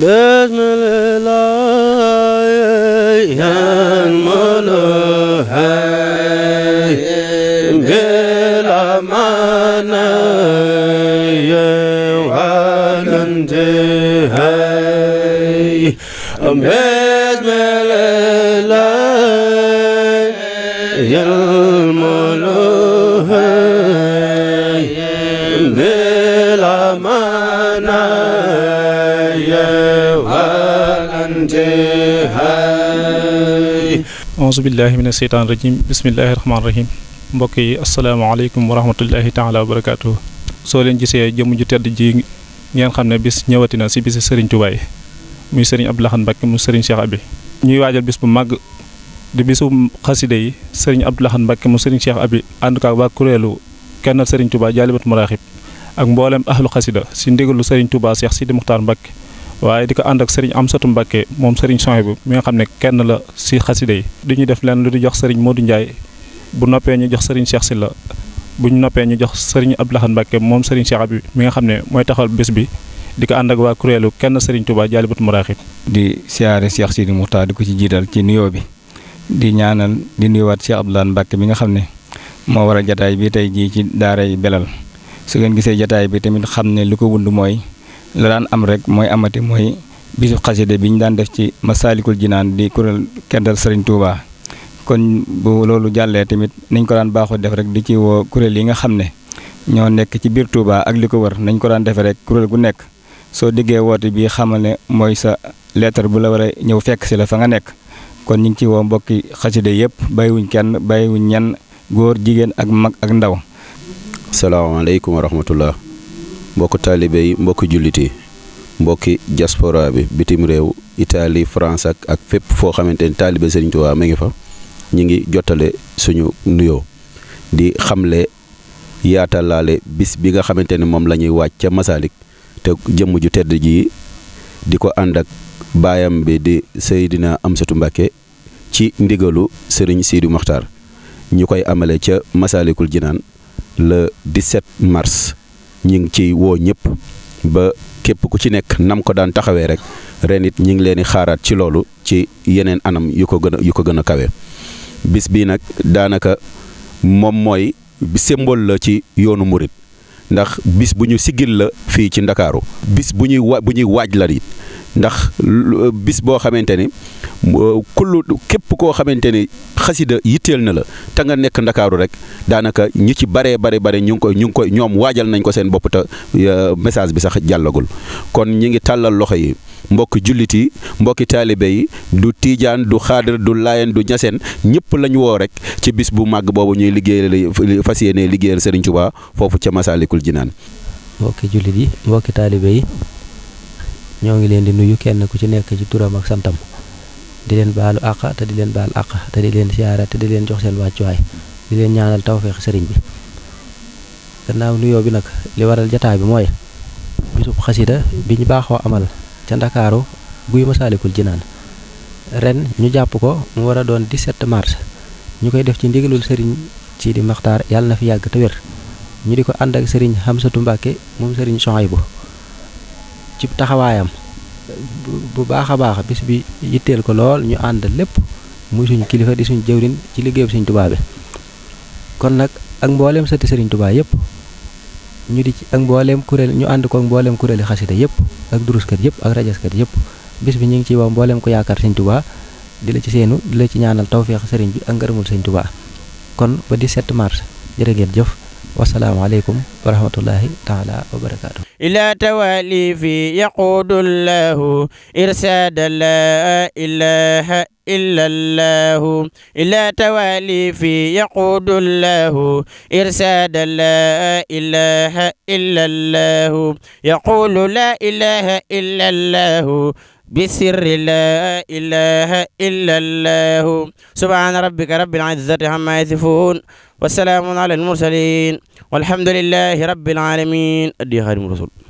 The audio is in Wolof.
بسم الله الملوحي بلا معنى وعلى انتهاي بسم الله الملوحي بلا معنى intihaay aousubillahi min asheytaan rajim bismillahi rahmaan rahim mbokk yi asalaamaaleykum wa rahmatullahi taala wa barakaatu soo leen gisee jëmm ju tedd ji ngeen xam ne bis ñëwatina na si bisi sëriñ Tuubaa muy sëriñ ab Lahad Mbacké mu sëriñ Cheikh Abi ñuy waajal bis bu màgg di bisu xaside yi sëriñ Abdou Lahad Mbacké mu sëriñ Cheikh Abi ànd ak waa kuréelu kennal sëriñ Tuubaa Jaalibatul Maraaxib ak mboolem ahlu xasida si ndigalu sëriñ Tuubaa Cheikh Sidi Muxtaar waaye di ko ànd ak sëriñ Amsatu Mbàkke moom sëriñ Sohaybu mi nga xam ne kenn la si xasida yi du ñu def leen lu di jox sëriñ Modou Ndiaye bu noppee ñu jox sëriñ Cheikh si la buñ noppee ñu jox sëriñ ab Lahad Mbàkke moom sëriñ Cheikh Abi mi nga xam ne mooy taxawal bés bi di ko ànd kuréelu kenn sëriñ Touba Jaalibatul Maraaxib di siyaare Cheikh Sidi Muxtaar di ko ci jiital ci nuyoo bi di ñaanal di nuyuwaat Cheikh Abdou Lahad Mbàkke mi nga xam ne moo waral jataay bi tey jii ci daaray Belal su ngeen gisee jataay bi tamit xam ne lu ko wund mooy la daan am rek mooy amati mooy bisu xasida bi ñu daan def ci Masaalikul Jinaan di kuréel kendal Serigne Touba kon bu loolu jàllee tamit nañ ko daan baaxoo def rek di ci woo kuréel yi nga xam ne ñoo nekk ci biir Touba ak li ko wër nañ ko daan defee rek kuréel gu nekk soo diggee woote bi xamal ne mooy sa lettre bu la war ñëw fekk si la fa nga nekk kon ñu ngi ci woo mbokki xasida yëpp bàyyiwuñ kenn bàyyiwuñ ñenn góor jigéen ak mag ak ndaw. salaamaaleykum wa rahmatullah mbokk taalibe yi mbokk jullit yi mbokki diaspora bi bitim réew Italie France ak ak fépp foo xamante ni taalibe Serigne Touba mi ngi fa ñu ngi jottale suñu nuyoo di xamle yaatalaale bis bi nga xamante ni moom lañuy ñuy waaj ca Masalik te jëmm ju tedd ji di ko ànd ak baayam bi di Seydina Amsatu Mbàkke ci ndigalu Serigne Sidi Mokhtar ñu koy amale ca Masalikul Jinaan le 17 mars ñi ngi ciy woo ñëpp ba képp ku ci nekk nam ko daan taxawee rek ren it ñi ngi leen di xaaraat ci loolu ci yeneen anam yu ko gën a yu ko gën a kawe bis bii nag daanaka moom mooy symbole la ci yoonu murit ndax bis bu ñu sigil la fii ci ndakaaru bis bu ñuy wa bu ñuy waaj la it ndax euh, bis boo xamante ne euh, kullu képp koo xamante ne xasida yitteel na la te nga nekk ndakaaru rek daanaka ñu ci baree bare bare ñu ngi koy ñu ngi koy ñoom waajal nañ ko seen bopp te euh, message bi sax jàllagul kon ñi ngi tàllal loxo yi mbokki jullit yi mbokki taalibe yi du tiijaan du xaadar du laayeen du ñaseen ñëpp lañ woo rek ci bis bu màgg boobu ñuy liggéeyal fas yéene liggéeyal Serigne Touba foofu ca Masaalikul Jinaan mbokki jullit yi mbokki taalibe yi ñoo ngi leen di nuyu kenn ku ci nekk ci turam ak santam di leen baalu àq te di leen baal àq te di leen siyaara te di leen jox seen wàccuwaay di leen ñaanal tawféex sëriñ bi gannaaw nuyoo bi nag li waral jataay bi mooy bisub xasida bi ñu baaxoo amal ca ndakaaru guy masaalikul jinaan ren ñu jàpp ko mu war a doon 17 mars ñu koy def ci ndigalul sëriñ Sidi Maxtaar yàlla na fi yàgg te wér ñu di ko ànd ak sëriñ sa Mbàkke moom sëriñ Sohaybu ci taxawaayam bu baax a bis bi yitteel ko lool ñu ànd lépp muy suñu kilifa di suñu jëwrin ci liggéeyub suñu tubaa bi kon nag ak mbooleem sëti sëriñ tubaa yépp ñu di ci ak mbooleem kuréel ñu ànd ko ak mbooleem kuréeli xasida yépp ak duruskat yépp ak rajaskat yépp bis bi ñu ngi ci woo mbooleem ko yaakaar sëriñ tubaa di la ci seenu di la ci ñaanal tawféex sëriñ bi ak ngërëmul sëriñ tubaa kon ba 17 mars jërë ngeen jëf wasalaamaaleykum wa rahmatullahi taala wa barakaatu إلى توالي في يقود الله إرساد لا إله إلا الله إلى توالي في يقود الله إرساد لا إله إلا الله يقول لا إله إلا الله بسر لا إله إلا الله سبحان ربك رب العزة عما يصفون والسلام على المرسلين والحمد لله رب العالمين أدي خادم